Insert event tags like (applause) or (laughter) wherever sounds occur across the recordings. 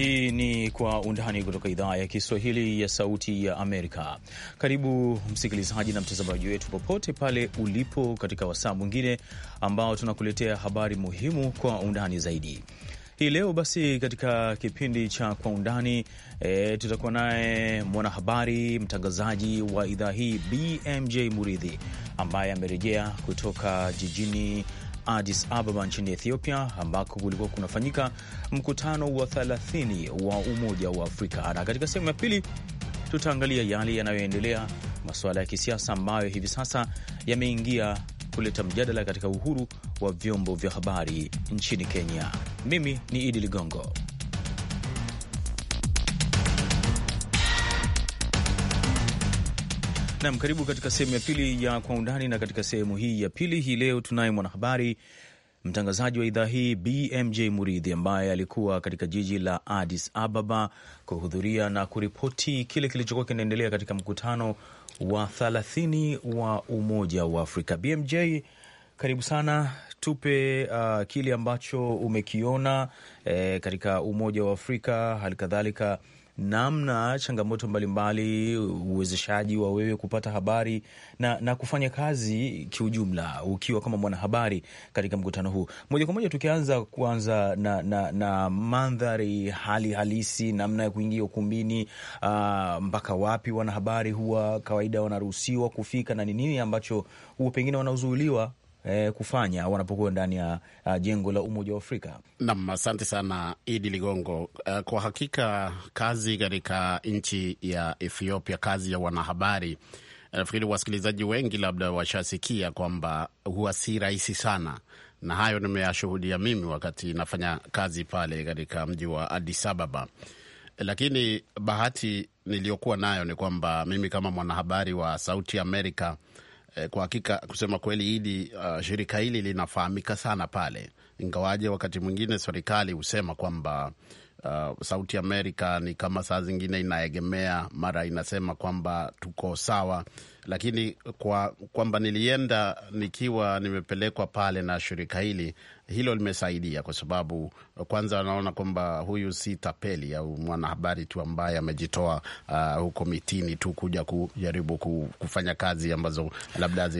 Hii ni Kwa Undani kutoka idhaa ya Kiswahili ya Sauti ya Amerika. Karibu msikilizaji na mtazamaji wetu popote pale ulipo, katika wasaa mwingine ambao tunakuletea habari muhimu kwa undani zaidi. Hii leo basi, katika kipindi cha Kwa Undani e, tutakuwa naye mwanahabari mtangazaji wa idhaa hii BMJ Muridhi ambaye amerejea kutoka jijini Addis Ababa nchini Ethiopia, ambako kulikuwa kunafanyika mkutano wa 30 wa Umoja wa Afrika. Na katika sehemu ya pili tutaangalia yale yanayoendelea, masuala ya kisiasa ambayo hivi sasa yameingia kuleta mjadala katika uhuru wa vyombo vya habari nchini Kenya. Mimi ni Idi Ligongo. Nam, karibu katika sehemu ya pili ya Kwa Undani, na katika sehemu hii ya pili hii leo tunaye mwanahabari mtangazaji wa idhaa hii BMJ Muridhi ambaye alikuwa katika jiji la Addis Ababa kuhudhuria na kuripoti kile kilichokuwa kinaendelea katika mkutano wa 30 wa Umoja wa Afrika. BMJ, karibu sana, tupe uh, kile ambacho umekiona eh, katika Umoja wa Afrika, hali kadhalika namna changamoto mbalimbali, uwezeshaji wa wewe kupata habari na, na kufanya kazi kiujumla ukiwa kama mwanahabari katika mkutano huu. Moja kwa moja tukianza kuanza na, na, na mandhari hali halisi, namna ya kuingia ukumbini, uh, mpaka wapi wanahabari huwa kawaida wanaruhusiwa kufika na ni nini ambacho huwa pengine wanazuiliwa eh, kufanya wanapokuwa ndani ya uh, jengo la Umoja wa Afrika. nam asante sana Idi Ligongo. Uh, kwa hakika kazi katika nchi ya Ethiopia, kazi ya wanahabari eh, nafikiri wasikilizaji wengi labda washasikia kwamba huwa si rahisi sana, na hayo nimeyashuhudia mimi wakati nafanya kazi pale katika mji wa Addis Ababa. Lakini bahati niliyokuwa nayo ni kwamba mimi kama mwanahabari wa Sauti Amerika E, kwa hakika kusema kweli hili uh, shirika hili linafahamika sana pale, ingawaje wakati mwingine serikali husema kwamba uh, Sauti Amerika ni kama saa zingine inaegemea, mara inasema kwamba tuko sawa lakini kwa kwamba nilienda nikiwa nimepelekwa pale na shirika hili, hilo limesaidia kwa sababu kwanza wanaona kwamba huyu si tapeli au mwanahabari tu ambaye amejitoa uh, huko mitini tu kuja kujaribu kufanya kazi ambazo labda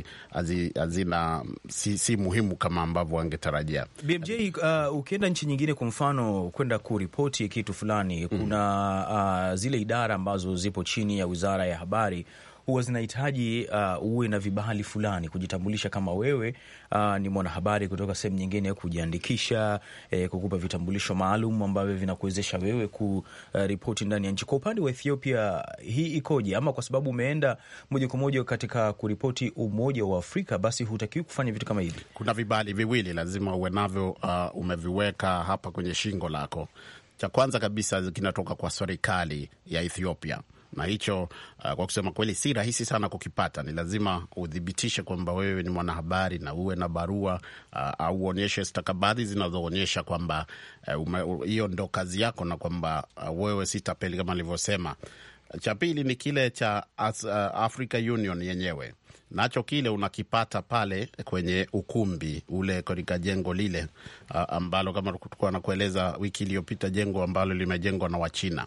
hazina si, si muhimu kama ambavyo wangetarajia. BMJ, uh, ukienda nchi nyingine, kwa mfano kwenda kuripoti kitu fulani, mm. kuna uh, zile idara ambazo zipo chini ya wizara ya habari huwa zinahitaji uh, uwe na vibali fulani kujitambulisha kama wewe uh, ni mwanahabari kutoka sehemu nyingine, kujiandikisha eh, kukupa vitambulisho maalum ambavyo vinakuwezesha wewe kuripoti uh, ndani ya nchi. Kwa upande wa Ethiopia hii ikoje? Ama kwa sababu umeenda moja kwa moja katika kuripoti Umoja wa Afrika, basi hutakiwi kufanya vitu kama hivi? Kuna vibali viwili lazima uwe navyo, uh, umeviweka hapa kwenye shingo lako. Cha kwanza kabisa kinatoka kwa serikali ya Ethiopia na hicho uh, kwa kusema kweli si rahisi sana kukipata. Ni lazima uthibitishe kwamba wewe ni mwanahabari na uwe na barua uh, au uonyeshe stakabadhi zinazoonyesha kwamba uh, hiyo uh, ndo kazi yako na kwamba uh, wewe si tapeli kama alivyosema. Cha pili ni kile cha uh, Africa Union yenyewe, nacho kile unakipata pale kwenye ukumbi ule katika jengo lile uh, ambalo kama tulikuwa nakueleza wiki iliyopita, jengo ambalo limejengwa na Wachina.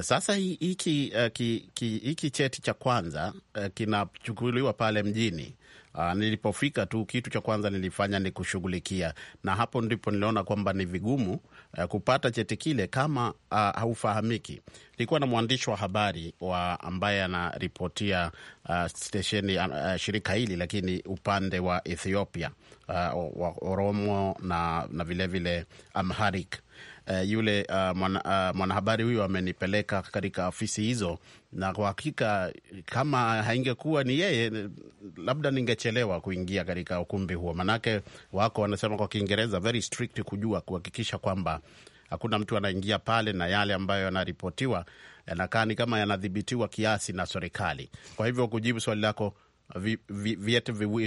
Sasa hiki uh, ki, cheti cha kwanza uh, kinachukuliwa pale mjini. Uh, nilipofika tu kitu cha kwanza nilifanya ni kushughulikia, na hapo ndipo niliona kwamba ni vigumu uh, kupata cheti kile kama uh, haufahamiki. Nilikuwa na mwandishi wa habari wa ambaye anaripotia uh, stesheni uh, shirika hili lakini upande wa Ethiopia uh, wa Oromo na, na vilevile Amharic eh, yule uh, mwana, uh, mwanahabari huyo amenipeleka katika ofisi hizo, na kwa hakika kama haingekuwa ni yeye, labda ningechelewa kuingia katika ukumbi huo, manake wako wanasema kwa Kiingereza very strict, kujua kuhakikisha kwamba hakuna mtu anaingia pale na yale ambayo yanaripotiwa yanakaa ni kama yanadhibitiwa kiasi na serikali. Kwa hivyo kujibu swali lako vyeti vi,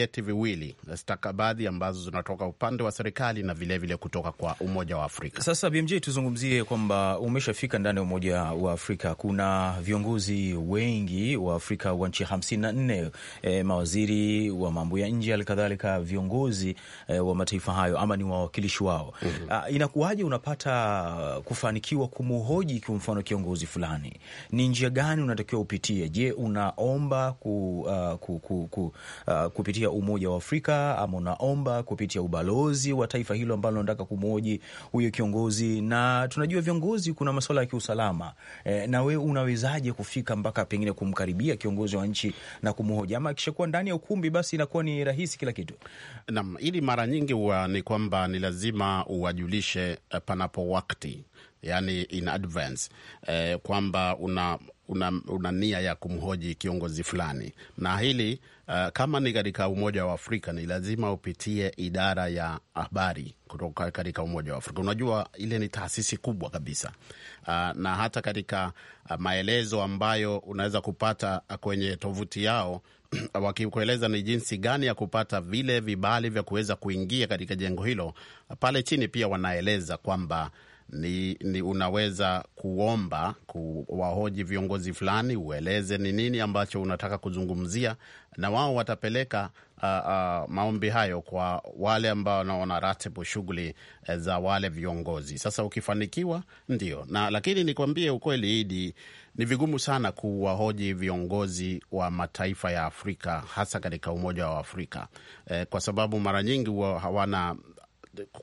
eh, viwili stakabadhi ambazo zinatoka upande wa serikali na vilevile vile kutoka kwa Umoja wa Afrika. Sasa BMJ, tuzungumzie kwamba umeshafika ndani ya Umoja wa Afrika, kuna viongozi wengi wa Afrika wa nchi hamsini na nne eh, mawaziri wa mambo ya nje halikadhalika viongozi eh, wa mataifa hayo ama ni wawakilishi wao. mm -hmm. Inakuwaje unapata kufanikiwa kumuhoji kwa mfano kiongozi fulani? Ni njia gani unatakiwa upitie? Je, unaomba ku uh, Uh, ku, ku, ku, uh, kupitia Umoja wa Afrika ama unaomba kupitia ubalozi wa taifa hilo ambalo unataka kumwoji huyo kiongozi, na tunajua viongozi, kuna masuala ya kiusalama e, na we unawezaje kufika mpaka pengine kumkaribia kiongozi wa nchi na kumhoja? Ama akishakuwa ndani ya ukumbi, basi inakuwa ni rahisi kila kitu. Naam, ili mara nyingi huwa ni kwamba ni lazima uwajulishe eh, panapo wakati yani in advance eh, kwamba una una, una nia ya kumhoji kiongozi fulani na hili uh, kama ni katika Umoja wa Afrika ni lazima upitie idara ya habari kutoka katika Umoja wa Afrika. Unajua ile ni taasisi kubwa kabisa uh, na hata katika uh, maelezo ambayo unaweza kupata kwenye tovuti yao (clears throat) wakikueleza ni jinsi gani ya kupata vile vibali vya kuweza kuingia katika jengo hilo, pale chini pia wanaeleza kwamba ni, ni unaweza kuomba kuwahoji viongozi fulani, ueleze ni nini ambacho unataka kuzungumzia, na wao watapeleka uh, uh, maombi hayo kwa wale ambao wanaona ratibu shughuli eh, za wale viongozi. Sasa ukifanikiwa ndio na, lakini nikwambie ukweli, Idi, ni vigumu sana kuwahoji viongozi wa mataifa ya Afrika hasa katika Umoja wa Afrika eh, kwa sababu mara nyingi huwa hawana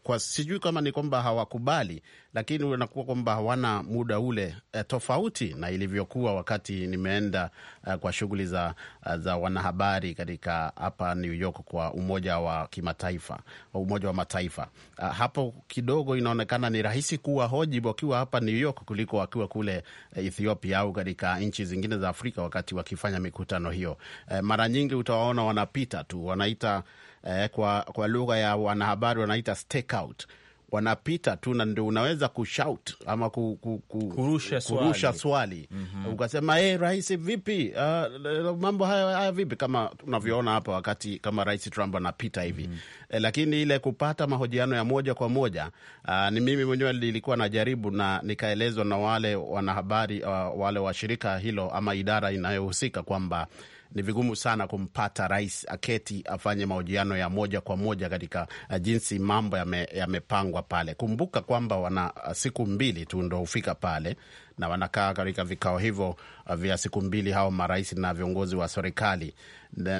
kwa sijui kama ni kwamba hawakubali, lakini unakua kwamba hawana muda ule e, tofauti na ilivyokuwa wakati nimeenda e, kwa shughuli za, eh, za wanahabari katika hapa New York kwa umoja wa kimataifa, umoja wa mataifa a, ah, hapo kidogo inaonekana ni rahisi kuwa hoji wakiwa hapa New York kuliko wakiwa kule Ethiopia au katika nchi zingine za Afrika wakati wakifanya mikutano hiyo. E, mara nyingi utawaona wanapita tu wanaita eh, kwa, kwa lugha ya wanahabari wanaita stakeout wanapita tu na ndio unaweza kushout ama ku, ku, ku, kurusha swali, kurusha swali. Mm -hmm. Ukasema hey, eh, rais vipi? Uh, mambo haya, haya vipi? Kama tunavyoona hapa wakati kama rais Trump anapita hivi. Mm -hmm. Eh, lakini ile kupata mahojiano ya moja kwa moja uh, ni mimi mwenyewe nilikuwa najaribu na nikaelezwa na wale wanahabari uh, wale wa shirika hilo ama idara inayohusika kwamba ni vigumu sana kumpata rais aketi afanye mahojiano ya moja kwa moja katika eh, jinsi mambo yamepangwa me, ya pale. Kumbuka kwamba wana eh, siku mbili tu ndo hufika pale na wanakaa katika vikao hivyo eh, vya siku mbili, hao marais na viongozi wa serikali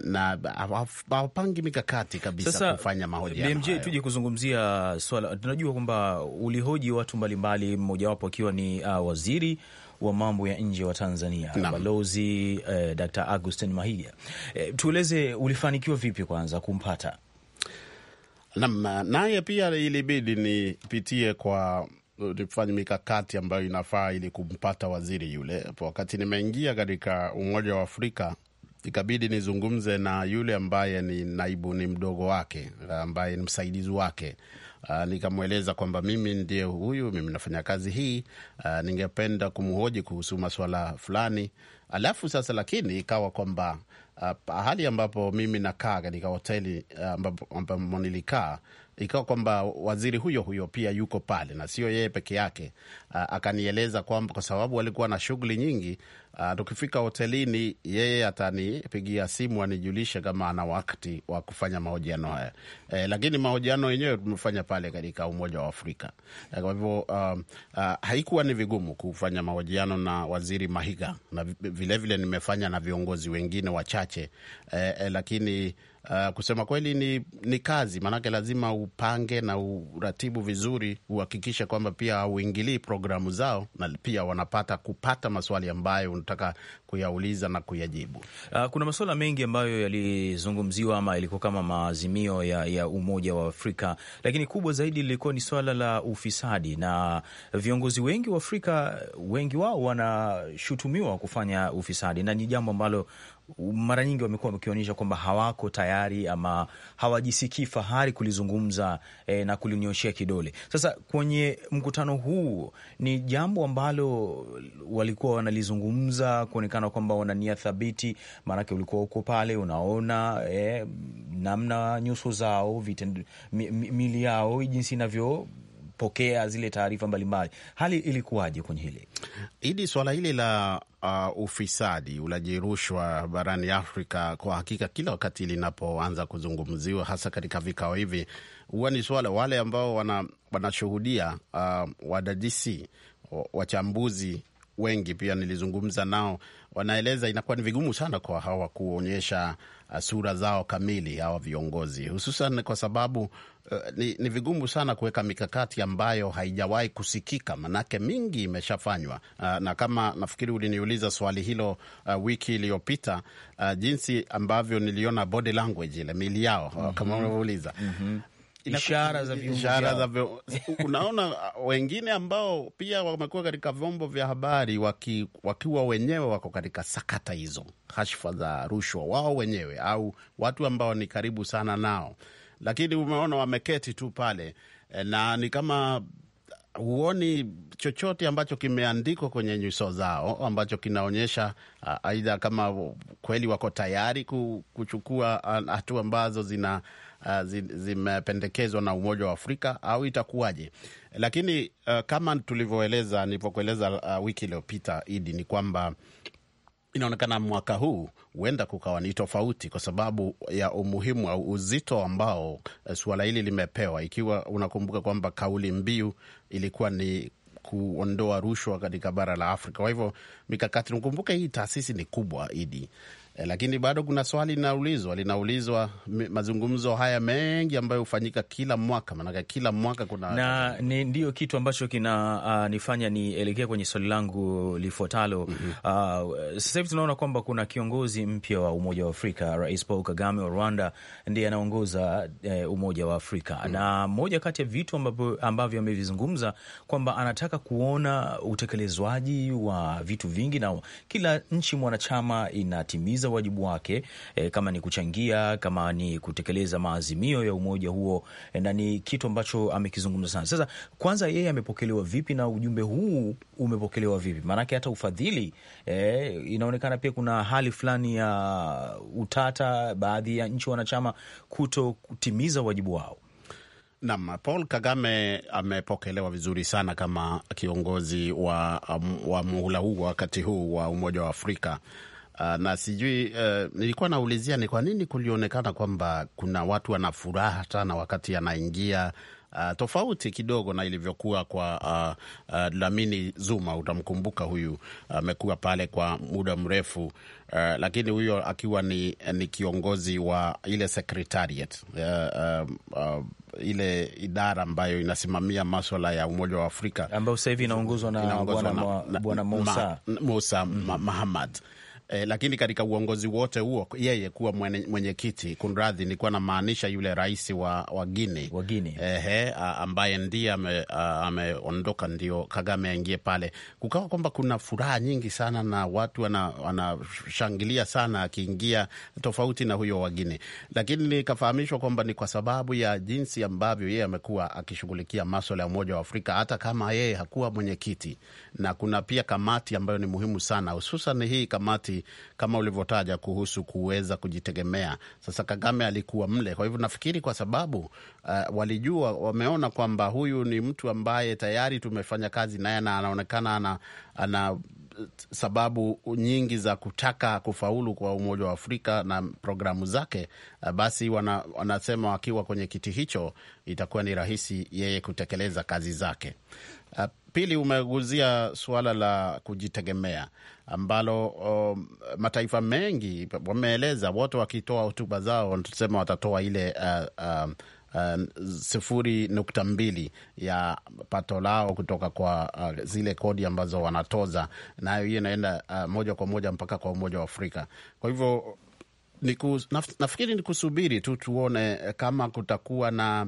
na hawapangi mikakati kabisa sasa kufanya mahojiano. BMJ, tuje kuzungumzia swala, tunajua kwamba ulihoji watu mbalimbali, mmojawapo akiwa ni uh, waziri wa mambo ya nje wa Tanzania na balozi eh, Dr. Augustin Mahiga eh, tueleze ulifanikiwa vipi kwanza kumpata? Naam, naye pia ilibidi nipitie kwa nifanye mikakati ambayo inafaa ili kumpata waziri yule. Wakati nimeingia katika Umoja wa Afrika ikabidi nizungumze na yule ambaye ni naibu, ni mdogo wake ambaye ni msaidizi wake. Uh, nikamweleza kwamba mimi ndiye huyu, mimi nafanya kazi hii. Uh, ningependa kumhoji kuhusu maswala fulani, alafu sasa, lakini ikawa kwamba uh, ah, hali ambapo mimi nakaa katika hoteli ambapo nilikaa ikawa kwamba waziri huyo huyo pia yuko pale na sio yeye peke yake. Akanieleza kwamba kwa sababu walikuwa na shughuli nyingi, tukifika hotelini yeye atanipigia simu anijulishe kama ana wakati wa kufanya mahojiano haya. eh, lakini mahojiano yenyewe tumefanya pale katika Umoja wa Afrika. E, kwa hivyo uh, uh, haikuwa ni vigumu kufanya mahojiano na waziri Mahiga na vilevile vile nimefanya na viongozi wengine wachache eh, eh, lakini uh, kusema kweli ni, ni kazi, maanake lazima upange na uratibu vizuri, uhakikishe kwamba pia hauingilii programu zao na pia wanapata kupata maswali ambayo unataka kuyauliza na kuyajibu. Uh, kuna masuala mengi ambayo yalizungumziwa ama ilikuwa kama maazimio ya, ya Umoja wa Afrika, lakini kubwa zaidi lilikuwa ni swala la ufisadi, na viongozi wengi wa Afrika wengi wao wanashutumiwa kufanya ufisadi na ni jambo ambalo mara nyingi wamekuwa wakionyesha kwamba hawako tayari ama hawajisikii fahari kulizungumza e, na kulinyoshea kidole. Sasa kwenye mkutano huu ni jambo ambalo walikuwa wanalizungumza kuonekana kwamba wana nia thabiti, maanake ulikuwa uko pale unaona e, namna nyuso zao, mili yao jinsi inavyo kupokea zile taarifa mbalimbali. Hali ilikuwaje kwenye hili idi swala hili la uh, ufisadi, ulaji rushwa barani Afrika? Kwa hakika kila wakati linapoanza kuzungumziwa, hasa katika vikao hivi, huwa ni swala wale ambao wanashuhudia wana uh, wadadisi wachambuzi wengi pia nilizungumza nao wanaeleza inakuwa ni vigumu sana kwa hawa kuonyesha uh, sura zao kamili, hawa viongozi, hususan kwa sababu uh, ni, ni vigumu sana kuweka mikakati ambayo haijawahi kusikika, manake mingi imeshafanywa. Uh, na kama nafikiri uliniuliza swali hilo uh, wiki iliyopita uh, jinsi ambavyo niliona body language ile mili yao mm -hmm. kama mm-hmm. unavyouliza mm -hmm ishara za ishara za Unaona, (laughs) wengine ambao pia wamekuwa katika vyombo vya habari waki, wakiwa wenyewe wako katika sakata hizo, hashfa za rushwa, wao wenyewe au watu ambao ni karibu sana nao, lakini umeona wameketi tu pale eh, na ni kama huoni chochote ambacho kimeandikwa kwenye nyuso zao ambacho kinaonyesha aidha kama kweli wako tayari kuchukua hatua ambazo zina zimependekezwa na Umoja wa Afrika au itakuwaje? Lakini uh, kama tulivyoeleza nilivyokueleza uh, wiki iliyopita Idi, ni kwamba inaonekana mwaka huu huenda kukawa ni tofauti kwa sababu ya umuhimu au uzito ambao eh, suala hili limepewa, ikiwa unakumbuka kwamba kauli mbiu ilikuwa ni kuondoa rushwa katika bara la Afrika. Kwa hivyo mikakati, unakumbuka hii taasisi ni kubwa idi Eh, lakini bado kuna swali linaulizwa linaulizwa mazungumzo haya mengi ambayo hufanyika kila mwaka, maanake kila mwaka kuna na ni, ndiyo kitu ambacho kinanifanya ah, uh, nielekee kwenye swali langu lifuatalo. mm -hmm. Uh, sasa hivi tunaona kwamba kuna kiongozi mpya wa Umoja wa Afrika, Rais Paul Kagame wa Rwanda ndiye anaongoza uh, Umoja wa Afrika. mm -hmm. na moja kati ya vitu ambavyo, ambavyo amevizungumza kwamba anataka kuona utekelezwaji wa vitu vingi na kila nchi mwanachama inatimiza kutekeleza wajibu wake e, kama ni kuchangia, kama ni kutekeleza maazimio ya umoja huo e, na ni kitu ambacho amekizungumza sana. Sasa kwanza, yeye amepokelewa vipi na ujumbe huu umepokelewa vipi? Maanake hata ufadhili e, inaonekana pia kuna hali fulani ya utata, baadhi ya nchi wanachama kuto kutimiza wajibu wao. Nam, Paul Kagame amepokelewa vizuri sana kama kiongozi wa, wa muhula huu wakati huu wa Umoja wa Afrika Uh, na sijui uh, nilikuwa naulizia ni kwa nini kulionekana kwamba kuna watu wana furaha sana wakati anaingia Uh, tofauti kidogo na ilivyokuwa kwa uh, uh, Dlamini Zuma. Utamkumbuka huyu amekuwa uh, pale kwa muda mrefu uh, lakini huyo akiwa ni, ni kiongozi wa ile secretariat uh, uh, uh, ile idara ambayo inasimamia maswala ya Umoja wa Afrika ambayo sasa hivi inaongozwa na Bwana Musa -hmm eh, lakini katika uongozi wote huo yeye kuwa mwenyekiti, kunradhi, nilikuwa namaanisha yule rais wa, wa Guini wa ehe, ambaye ndiye ameondoka, ndio Kagame aingie pale, kukawa kwamba kuna furaha nyingi sana na watu wanashangilia sana akiingia, tofauti na huyo wa Guini, lakini nikafahamishwa kwamba ni kwa sababu ya jinsi ambavyo yeye amekuwa akishughulikia maswala ya Umoja wa Afrika hata kama yeye hakuwa mwenyekiti, na kuna pia kamati ambayo ni muhimu sana, hususan hii kamati kama ulivyotaja kuhusu kuweza kujitegemea. Sasa Kagame alikuwa mle, kwa hivyo nafikiri kwa sababu uh, walijua, wameona kwamba huyu ni mtu ambaye tayari tumefanya kazi naye na anaonekana ana, ana sababu nyingi za kutaka kufaulu kwa Umoja wa Afrika na programu zake, eh, basi wana, wanasema wakiwa kwenye kiti hicho itakuwa ni rahisi yeye kutekeleza kazi zake. Eh, pili, umeguzia suala la kujitegemea ambalo um, mataifa mengi wameeleza, wote wakitoa hotuba zao wanasema watatoa ile uh, uh, uh, sifuri nukta mbili ya pato lao kutoka kwa uh, zile kodi ambazo wanatoza, nayo hiyo inaenda uh, moja kwa moja mpaka kwa Umoja wa Afrika. Kwa hivyo niku, naf, nafikiri ni kusubiri tu tuone eh, kama kutakuwa na,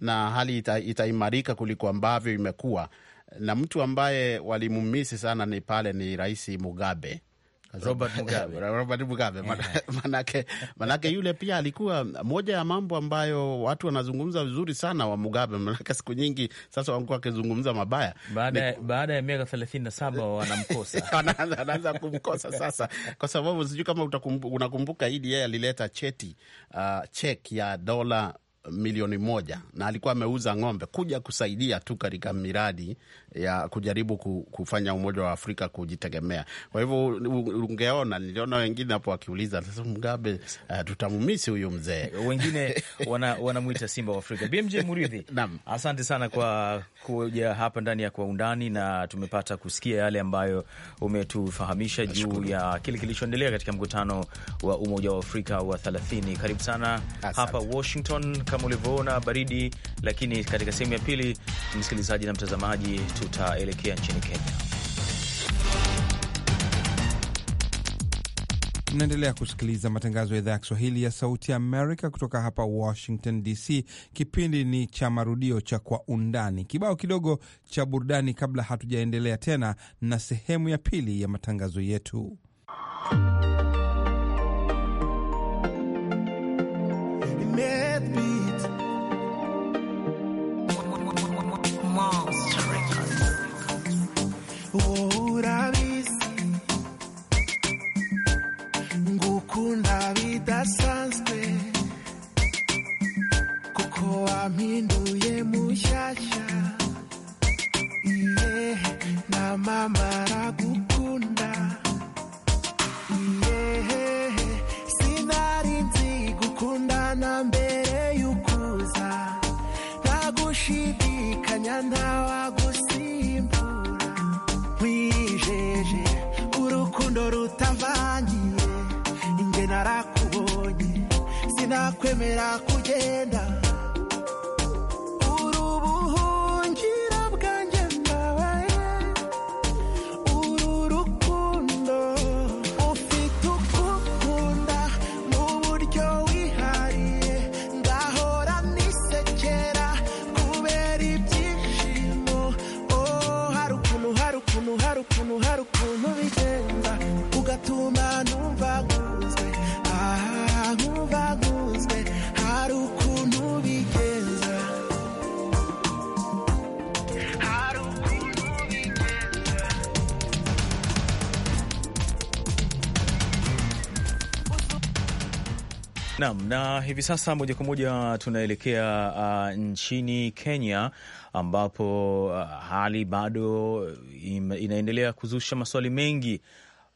na hali ita, itaimarika kuliko ambavyo imekuwa na mtu ambaye walimumisi sana ni pale ni Rais Mugabe Robert Mugabe, (laughs) Robert Mugabe. Manake, manake yule pia alikuwa moja ya mambo ambayo watu wanazungumza vizuri sana wa Mugabe, manake siku nyingi sasa wamekuwa wakizungumza mabaya. Baada ya miaka thelathini na saba wanamkosa (laughs) anaanza kumkosa sasa, kwa sababu sijui kama unakumbuka, Idi yeye alileta cheti uh, cheki ya dola milioni moja na alikuwa ameuza ng'ombe kuja kusaidia tu katika miradi ya kujaribu kufanya Umoja wa Afrika kujitegemea. Kwa hivyo ungeona, niliona wengine hapo wakiuliza sasa, uh, eh, tutamumisi huyu mzee (laughs) wengine wanamwita wana simba wa Afrika. BMJ Muridhi, (laughs) asante sana kwa kuja hapa ndani ya Kwa Undani, na tumepata kusikia yale ambayo umetufahamisha juu ya kile kilichoendelea katika mkutano wa Umoja wa Afrika wa 30. Karibu sana asante. Hapa Washington kama ulivyoona baridi, lakini katika sehemu ya pili, msikilizaji na mtazamaji, tutaelekea nchini Kenya. Naendelea kusikiliza matangazo ya idhaa ya Kiswahili ya Sauti ya Amerika kutoka hapa Washington DC. Kipindi ni cha marudio cha Kwa Undani. Kibao kidogo cha burudani kabla hatujaendelea tena na sehemu ya pili ya matangazo yetu. udasanzwe kuko wampinduye mushyashya na mama aragukunda sinari nzi gukundana mbere y'ukuza ntagushidikanya ntawa kwemera kugenda Naam, na hivi sasa moja kwa moja tunaelekea uh, nchini Kenya ambapo uh, hali bado im, inaendelea kuzusha maswali mengi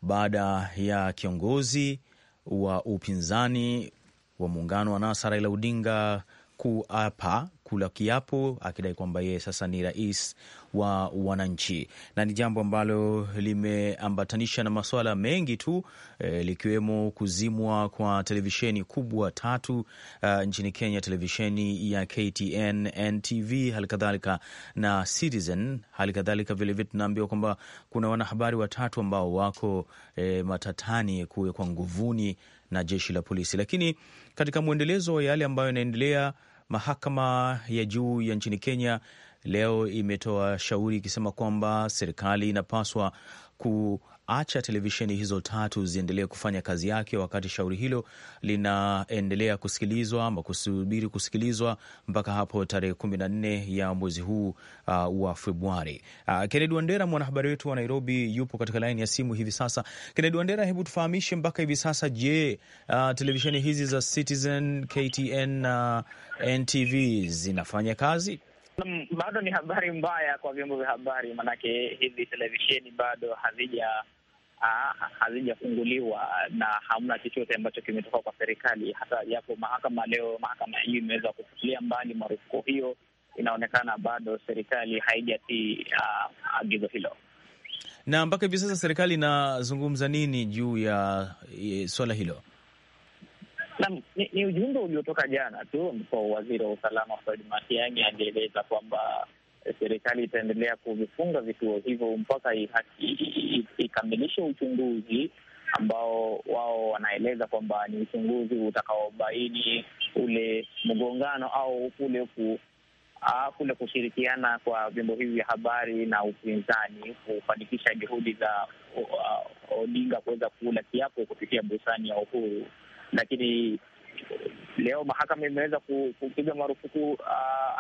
baada ya kiongozi wa upinzani wa muungano wa NASA Raila Odinga kuapa kula kiapo akidai kwamba yeye sasa ni rais wa wananchi, na ni jambo ambalo limeambatanisha na masuala mengi tu e, likiwemo kuzimwa kwa televisheni kubwa tatu uh, nchini Kenya, televisheni ya KTN, NTV, halikadhalika na Citizen. Halikadhalika vilevile tunaambiwa kwamba kuna wanahabari watatu ambao wako e, matatani kuwekwa nguvuni na jeshi la polisi. Lakini katika mwendelezo wa yale ambayo yanaendelea, mahakama ya juu ya nchini Kenya leo imetoa shauri ikisema kwamba serikali inapaswa ku acha televisheni hizo tatu ziendelee kufanya kazi yake wakati shauri hilo linaendelea kusikilizwa ama kusubiri kusikilizwa mpaka hapo tarehe kumi na nne ya mwezi huu uh, wa Februari. Uh, Kennedy Wandera, mwanahabari wetu wa Nairobi, yupo katika laini ya simu hivi sasa. Kennedy Wandera, hebu tufahamishe mpaka hivi sasa, je, uh, televisheni hizi za Citizen, KTN na uh, NTV zinafanya kazi? Mm, bado ni habari mbaya kwa vyombo vya habari, maanake hizi televisheni bado hazija hazijafunguliwa na hamna chochote ambacho kimetoka kwa serikali, hata japo mahakama leo, mahakama hiyo imeweza kufutilia mbali marufuku hiyo, inaonekana bado serikali haijatii uh, agizo hilo. Na mpaka hivi sasa serikali inazungumza nini juu ya e, swala hilo? Na, ni, ni ujumbe uliotoka jana tu ambapo waziri wa usalama Fred Matiang'i alieleza kwamba Eh, serikali itaendelea kuvifunga vituo hivyo mpaka ikamilishe uchunguzi ambao wao wanaeleza kwamba ni uchunguzi utakaobaini ule mgongano au kule ku kule kushirikiana kwa vyombo hivi vya habari na upinzani kufanikisha juhudi za Odinga kuweza kula kiapo kupitia bustani ya Uhuru. Lakini eh, leo mahakama imeweza kupiga marufuku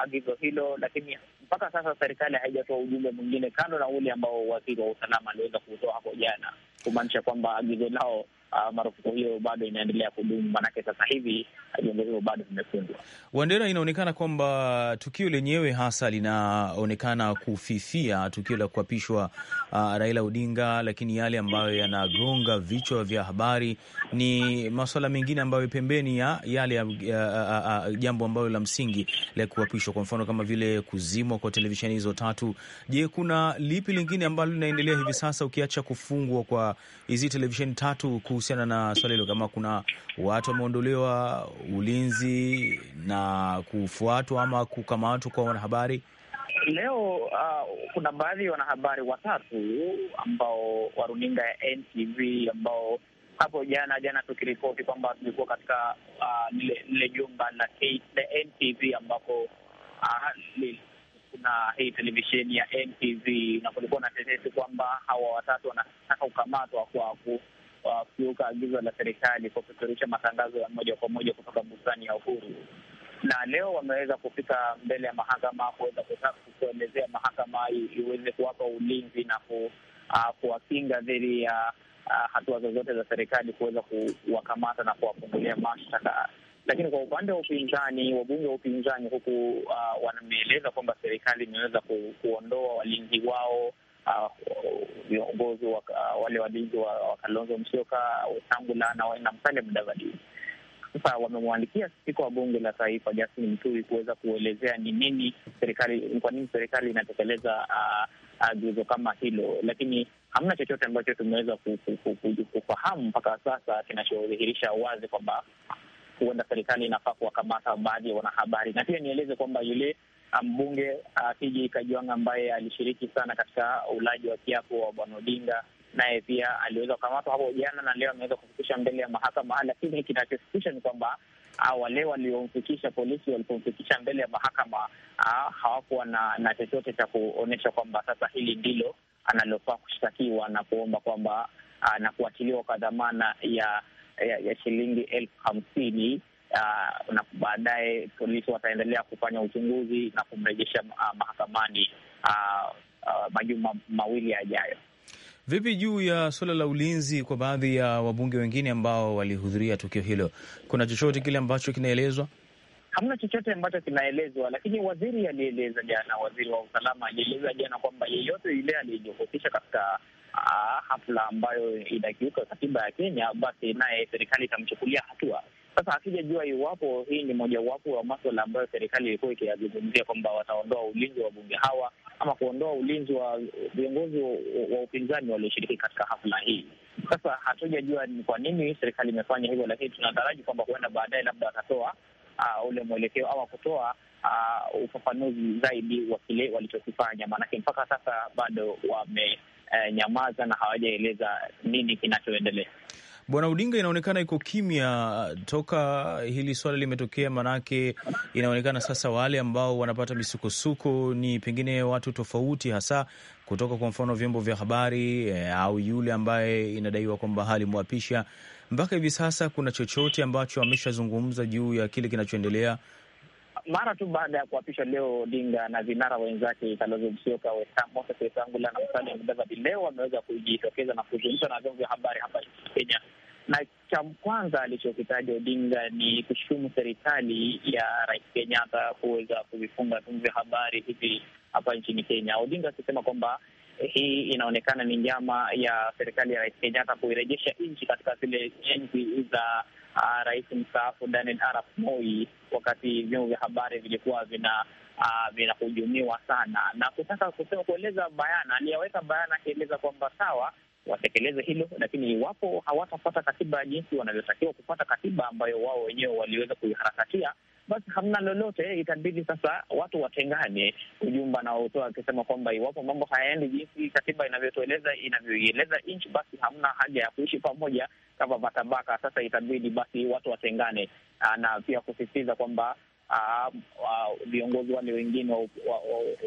agizo hilo, lakini mpaka sasa serikali haijatoa ujumbe mwingine kando na ule ambao waziri wa usalama aliweza kuutoa hapo jana, kumaanisha kwamba agizo lao uh, marufuku hiyo bado inaendelea kudumu, maanake sasa hivi jengo hilo bado limefungwa. Wandera, inaonekana kwamba tukio lenyewe hasa linaonekana kufifia, tukio la kuapishwa uh, Raila Odinga, lakini yale ambayo yanagonga vichwa vya habari ni maswala mengine ambayo pembeni ya yale ya, ya, ya, ya, jambo ambayo la msingi la kuapishwa, kwa mfano kama vile kuzimwa kwa televisheni hizo tatu. Je, kuna lipi lingine ambalo linaendelea hivi sasa ukiacha kufungwa kwa hizi televisheni tatu kus kuhusiana na swala hilo, kama kuna watu wameondolewa ulinzi na kufuatwa ama kukamatwa kwa wanahabari. Leo uh, kuna baadhi ya wanahabari watatu ambao wa runinga ya NTV ambao hapo jana jana tukiripoti kwamba tulikuwa katika uh, lile jumba la NTV ambapo uh, kuna hii televisheni ya NTV na kulikuwa na tetesi kwamba hawa watatu wanataka kukamatwa kwa wakiuka agizo la serikali kupeperusha matangazo ya moja kwa moja kutoka bustani ya Uhuru, na leo wameweza kufika mbele ya mahakama kuweza kuelezea mahakama iweze kuwapa ulinzi na ku, uh, kuwakinga dhidi ya uh, hatua zozote za serikali kuweza kuwakamata na kuwafungulia mashtaka. Lakini kwa upande wa upinzani, wabunge wa upinzani huku uh, wanameeleza kwamba serikali imeweza ku, kuondoa walinzi wao Ah, viongozi uh, wale walinzi wa, wa Kalonzo Musyoka, Wetangula na, na Musalia Mudavadi. Sasa wamemwandikia spika wa bunge la taifa Justin Muturi kuweza kuelezea ni nini serikali, kwa nini serikali inatekeleza ah, agizo uh, kama hilo, lakini hamna chochote ambacho tumeweza kufahamu mpaka sasa kinachodhihirisha wazi kwamba huenda serikali inafaa kuwakamata baadhi ya wanahabari, na pia nieleze kwamba yule Ah, mbunge uh, ah, Kajwang' ambaye alishiriki sana katika ulaji wa kiapo wa bwana Odinga, naye pia aliweza kukamatwa hapo jana na leo ameweza kufikisha mbele ya mahakama, lakini kinachosikitisha ni kwamba ah, wale waliomfikisha polisi walipomfikisha mbele ya mahakama hawakuwa na, na chochote cha kuonyesha kwamba sasa hili ndilo analofaa kushtakiwa na kuomba kwamba na kuachiliwa kwa dhamana ya, ya, ya shilingi elfu hamsini uh, na baadaye polisi wataendelea kufanya uchunguzi na kumrejesha uh, mahakamani uh, uh, majuma mawili yajayo. Vipi juu ya suala la ulinzi kwa baadhi ya wabunge wengine ambao walihudhuria tukio hilo, kuna chochote kile ambacho kinaelezwa? Hamna chochote ambacho kinaelezwa, lakini waziri alieleza jana, waziri wa usalama alieleza jana kwamba yeyote yule aliyejihusisha katika uh, hafla ambayo inakiuka katiba ya Kenya, basi naye serikali itamchukulia hatua. Sasa jua iwapo hii ni mojawapo wa maswala ambayo serikali ilikuwa ikiyazungumzia kwamba wataondoa ulinzi wa bunge hawa ama kuondoa ulinzi wa viongozi wa upinzani walioshiriki katika hafla hii. Sasa hatujajua ni kwa nini serikali imefanya hivyo, lakini tunataraji kwamba huenda baadaye labda watatoa uh, ule mwelekeo ama kutoa uh, ufafanuzi zaidi wa kile walichokifanya, maanake mpaka sasa bado wamenyamaza eh, uh, na hawajaeleza nini kinachoendelea. Bwana Odinga, inaonekana iko kimya toka hili swala limetokea, manake inaonekana sasa wale ambao wanapata misukosuko ni pengine watu tofauti, hasa kutoka kwa mfano vyombo vya habari eh, au yule ambaye inadaiwa kwamba halimwapisha mpaka hivi sasa. Kuna chochote ambacho ameshazungumza juu ya kile kinachoendelea? Mara tu baada ya kuapisha leo Odinga na vinara wenzake Kalonzo Musyoka, Moses Wetangula na Musalia Mudavadi leo wameweza kujitokeza na kuzungumza na vyombo vya habari hapa nchini Kenya, na cha kwanza alichokitaja Odinga ni kushutumu serikali ya Rais Kenyatta kuweza kuvifunga vyombo vya habari hivi hapa nchini Kenya. Odinga akisema kwamba eh, hii inaonekana ni njama ya serikali ya Rais Kenyatta kuirejesha nchi katika zile enzi za uh, rais mstaafu Daniel Arap Moi, wakati vyombo vya habari vilikuwa vina uh, vinahujumiwa sana, na kutaka kusema kueleza bayana, aliyaweka bayana akieleza kwamba sawa watekeleze hilo, lakini iwapo hawatapata katiba jinsi wanavyotakiwa kupata katiba ambayo wao wenyewe waliweza kuiharakatia, basi hamna lolote, itabidi sasa watu watengane. ujumba anaotoa akisema kwamba iwapo mambo hayaendi jinsi katiba inavyotueleza inavyoieleza nchi, basi hamna haja ya kuishi pamoja kama matabaka. Sasa itabidi basi watu watengane, ah, na pia kusisitiza kwamba ah, ah, viongozi wale wengine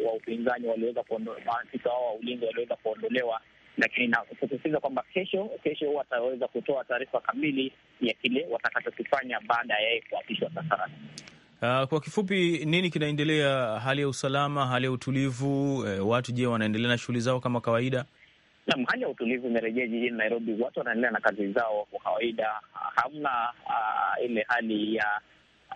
wa upinzani waliweza, maafisa wao wa ulinzi waliweza kuondolewa lakini nakusisitiza kwamba kesho kesho wataweza kutoa taarifa kamili ya kile watakachokifanya baada ya yeye kuapishwa sasarani. Uh, kwa kifupi, nini kinaendelea? Hali ya usalama, hali ya utulivu, eh, watu je, wanaendelea na shughuli zao kama kawaida? Naam, hali ya utulivu imerejea jijini Nairobi, watu wanaendelea na kazi zao kwa kawaida, hamna uh, ile hali ya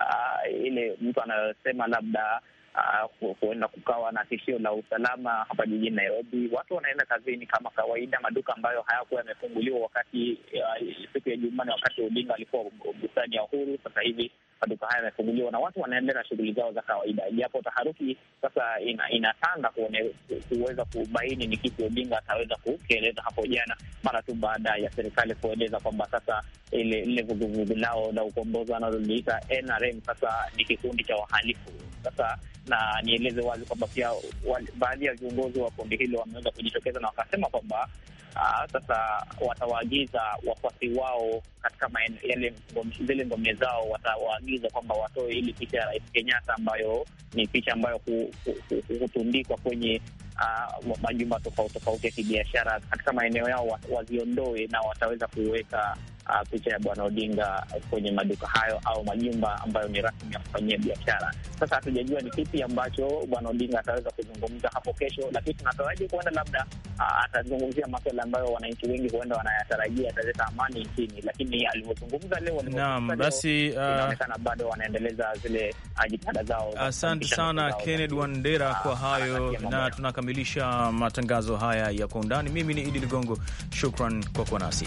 uh, ile mtu anayosema labda uh, kuenda kukawa na tishio la usalama hapa jijini Nairobi. Watu wanaenda kazini kama kawaida, maduka ambayo hayakuwa yamefunguliwa wakati uh, siku ya Jumanne wakati Odinga alikuwa bustani ya Uhuru, sasa hivi maduka haya yamefunguliwa na watu wanaendelea na shughuli zao za kawaida, japo taharuki sasa ina, inatanda kuweza kubaini ni kipi Odinga ataweza kukieleza hapo jana, mara tu baada ya serikali kueleza kwamba sasa ile vuguvugu lao la ukombozi wanaloliita NRM sasa ni kikundi cha wahalifu sasa, na nieleze wazi kwamba pia baadhi ya viongozi wa kundi hilo wameweza kujitokeza na wakasema kwamba Uh, sasa watawaagiza wafuasi wao katika zile ngome zao, watawaagiza kwamba watoe ili picha ya Rais Kenyatta ambayo ni picha ambayo hutundikwa kwenye uh, majumba tofauti tofauti ya kibiashara katika maeneo yao waziondoe, na wataweza kuweka uh, picha ya Bwana Odinga kwenye maduka hayo au majumba ambayo ni rasmi ya kufanyia biashara. Sasa hatujajua ni kipi ambacho Bwana Odinga ataweza kuzungumza hapo kesho, lakini tunataraji kuenda labda uh, atazungumzia maswala ambayo wananchi wengi huenda wanayatarajia ataleta amani nchini, lakini alivyozungumza leo naam, basi inaonekana bado wanaendeleza zile jitihada zao. Asante sana Kenneth Wandera kwa hayo na tunaka tunakamilisha matangazo haya ya kwa undani. Mimi ni Idi Ligongo, shukran kwa kuwa nasi.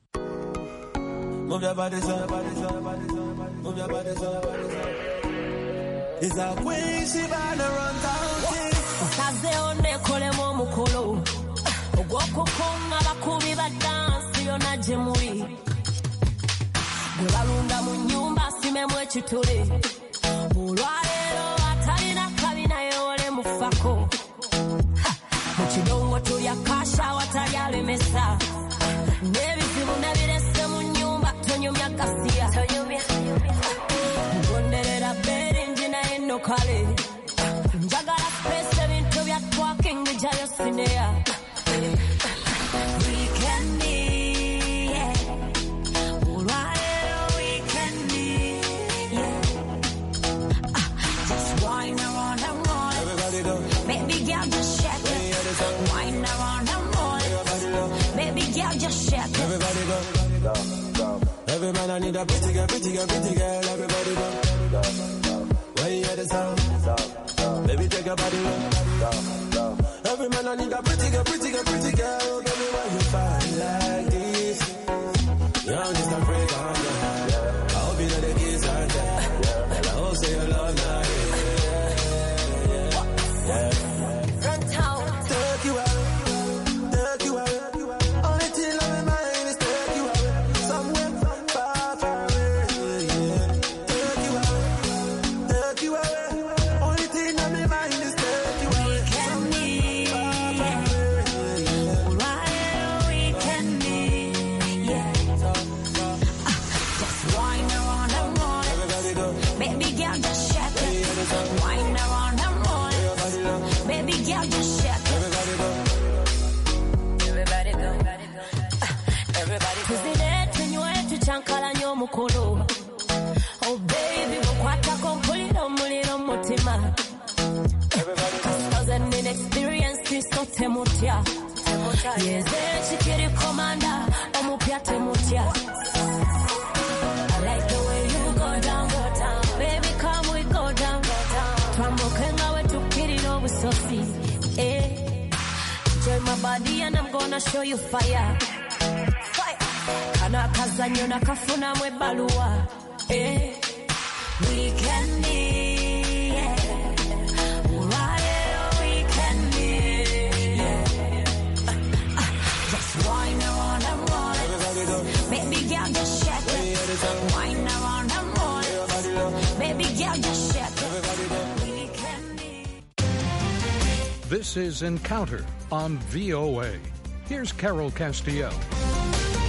kaze ondekolemu omukulu ogwokukunga bakubi ba dansi yona gye muli gwe balunda mu nyumba asimemu ekituli olwaleero atalina kabina yeole mufako mu kidongo tulya kasha watali alemesa fantasy. So you be, so you be. Run it up, bed engine, I ain't no college. pretty girl, pretty girl, everybody go. When you hear the sound, baby, take a body. Every man I need a pretty girl. temutya yeze chikiri komanda omupya temutya twambuke ngawe tukirira obusosi show you fire kana kazanyo nakafunamu ebbaluwa eh. This is Encounter on VOA. Here's Carol Castillo.